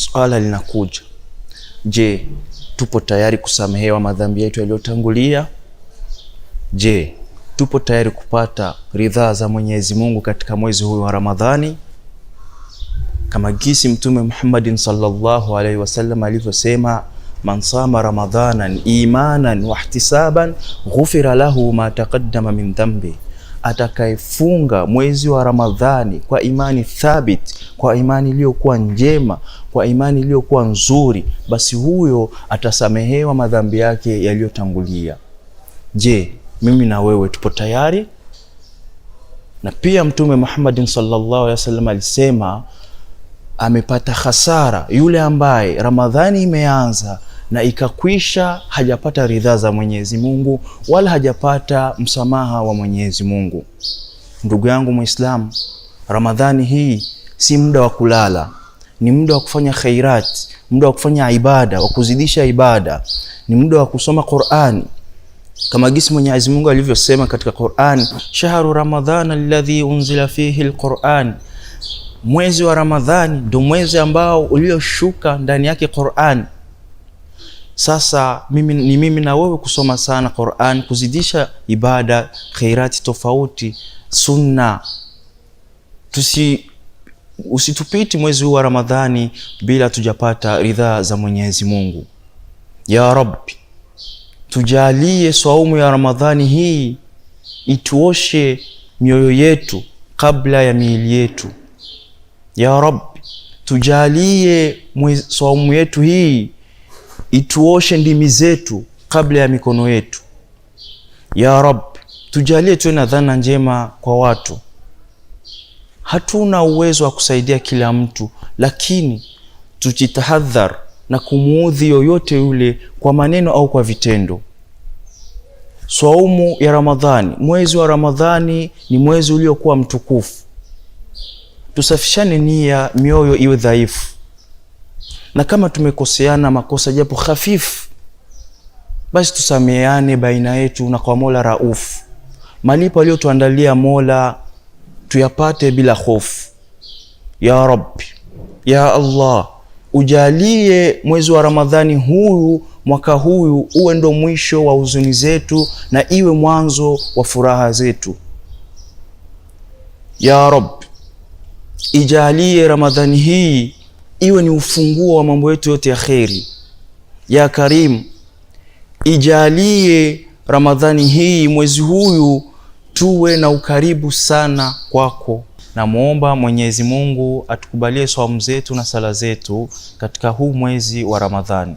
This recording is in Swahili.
swala linakuja, je, tupo tayari kusamehewa madhambi yetu yaliyotangulia? Je, tupo tayari kupata ridhaa za Mwenyezi Mungu katika mwezi huu wa Ramadhani kama gisi Mtume Muhammadin sallallahu alaihi wasallam alivyosema, man sama ramadhanan imanan wahtisaban ghufira lahu ma taqaddama min dhanbi atakayefunga mwezi wa Ramadhani kwa imani thabiti, kwa imani iliyokuwa njema, kwa imani iliyokuwa nzuri, basi huyo atasamehewa madhambi yake yaliyotangulia. Je, mimi na wewe tupo tayari? Na pia Mtume Muhammadin sallallahu alaihi wasallam alisema amepata hasara yule ambaye Ramadhani imeanza na ikakwisha, hajapata ridhaa za Mwenyezi Mungu wala hajapata msamaha wa Mwenyezi Mungu. Ndugu yangu Muislamu, Ramadhani hii si muda wa kulala, ni muda wa kufanya khairat, muda wa kufanya ibada, wa kuzidisha ibada, ni muda wa kusoma Qur'an kama gisi Mwenyezi Mungu alivyosema katika Qur'an, shahru ramadhana alladhi unzila fihi alquran, mwezi wa Ramadhani ndio mwezi ambao ulioshuka ndani yake Qur'an. Sasa mimi, ni mimi na wewe kusoma sana Qur'an, kuzidisha ibada, khairati tofauti, sunna. Tusi, usitupiti mwezi huu wa Ramadhani bila tujapata ridhaa za Mwenyezi Mungu. Ya Rabbi, tujalie swaumu ya Ramadhani hii ituoshe mioyo yetu kabla ya miili yetu. Ya Rabbi, tujalie swaumu yetu hii ituoshe ndimi zetu kabla ya mikono yetu. Ya Rab, tujalie tuwe na dhana njema kwa watu. Hatuna uwezo wa kusaidia kila mtu, lakini tujitahadhar na kumuudhi yoyote yule kwa maneno au kwa vitendo. Swaumu ya Ramadhani, mwezi wa Ramadhani ni mwezi uliokuwa mtukufu. Tusafishane nia, mioyo iwe dhaifu na kama tumekoseana makosa japo hafifu, basi tusameane baina yetu, na kwa Mola Raufu, malipo aliyotuandalia Mola tuyapate bila hofu. Ya Rabbi, ya Allah, ujalie mwezi wa Ramadhani huyu mwaka huyu uwe ndo mwisho wa huzuni zetu na iwe mwanzo wa furaha zetu. Ya Rabbi, ijalie Ramadhani hii iwe ni ufunguo wa mambo yetu yote ya kheri. Ya Karimu, ijalie Ramadhani hii mwezi huyu tuwe na ukaribu sana kwako. Namwomba Mwenyezi Mungu atukubalie swamu zetu na sala zetu katika huu mwezi wa Ramadhani.